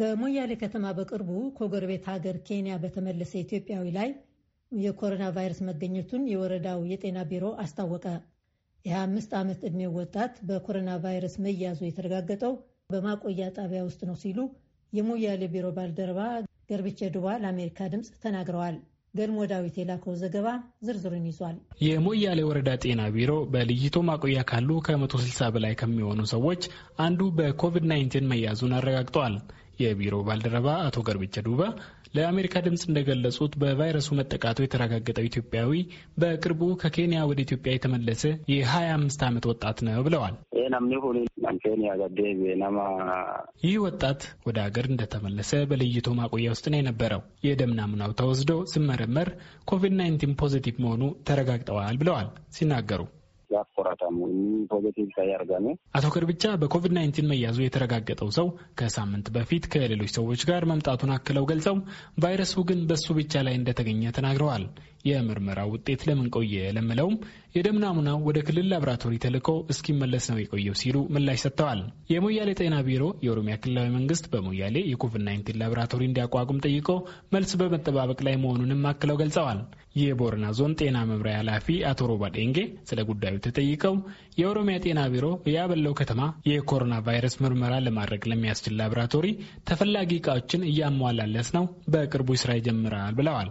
በሞያሌ ከተማ በቅርቡ ከጎረቤት ሀገር ኬንያ በተመለሰ ኢትዮጵያዊ ላይ የኮሮና ቫይረስ መገኘቱን የወረዳው የጤና ቢሮ አስታወቀ የአምስት ዓመት ዕድሜው ወጣት በኮሮና ቫይረስ መያዙ የተረጋገጠው በማቆያ ጣቢያ ውስጥ ነው ሲሉ የሞያሌ ቢሮ ባልደረባ ገርብቼ ዱባ ለአሜሪካ ድምፅ ተናግረዋል። ገልሞ ዳዊት የላከው ዘገባ ዝርዝሩን ይዟል። የሞያሌ ወረዳ ጤና ቢሮ በልይቶ ማቆያ ካሉ ከ160 በላይ ከሚሆኑ ሰዎች አንዱ በኮቪድ-19 መያዙን አረጋግጠዋል። የቢሮ ባልደረባ አቶ ገርብቸ ዱባ ለአሜሪካ ድምፅ እንደገለጹት በቫይረሱ መጠቃቱ የተረጋገጠው ኢትዮጵያዊ በቅርቡ ከኬንያ ወደ ኢትዮጵያ የተመለሰ የ አምስት ዓመት ወጣት ነው ብለዋል። ይህ ወጣት ወደ ሀገር እንደተመለሰ በለይቶ ማቆያ ውስጥ ነው የነበረው። የደም ናሙናው ተወስዶ ስመረመር ኮቪድ-19 ፖዚቲቭ መሆኑ ተረጋግጠዋል ብለዋል ሲናገሩ አቶ ከርብቻ በኮቪድ ናይንቲን መያዙ የተረጋገጠው ሰው ከሳምንት በፊት ከሌሎች ሰዎች ጋር መምጣቱን አክለው ገልጸው ቫይረሱ ግን በሱ ብቻ ላይ እንደተገኘ ተናግረዋል። የምርመራ ውጤት ለምን ቆየ ለምለውም የደም ናሙናው ወደ ክልል ላብራቶሪ ተልኮ እስኪመለስ ነው የቆየው ሲሉ ምላሽ ሰጥተዋል። የሞያሌ ጤና ቢሮ የኦሮሚያ ክልላዊ መንግስት በሞያሌ የኮቪድ-19 ላብራቶሪ እንዲያቋቁም ጠይቆ መልስ በመጠባበቅ ላይ መሆኑንም አክለው ገልጸዋል። የቦረና ዞን ጤና መምሪያ ኃላፊ አቶ ሮባ ዴንጌ ስለ ጉዳዩ ተጠይቀው የኦሮሚያ ጤና ቢሮ ያበለው ከተማ የኮሮና ቫይረስ ምርመራ ለማድረግ ለሚያስችል ላብራቶሪ ተፈላጊ እቃዎችን እያሟላለት ነው፣ በቅርቡ ስራ ይጀምራል ብለዋል።